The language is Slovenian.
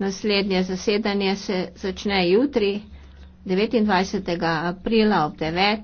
Naslednje zasedanje se začne jutri, 29. aprila ob 9.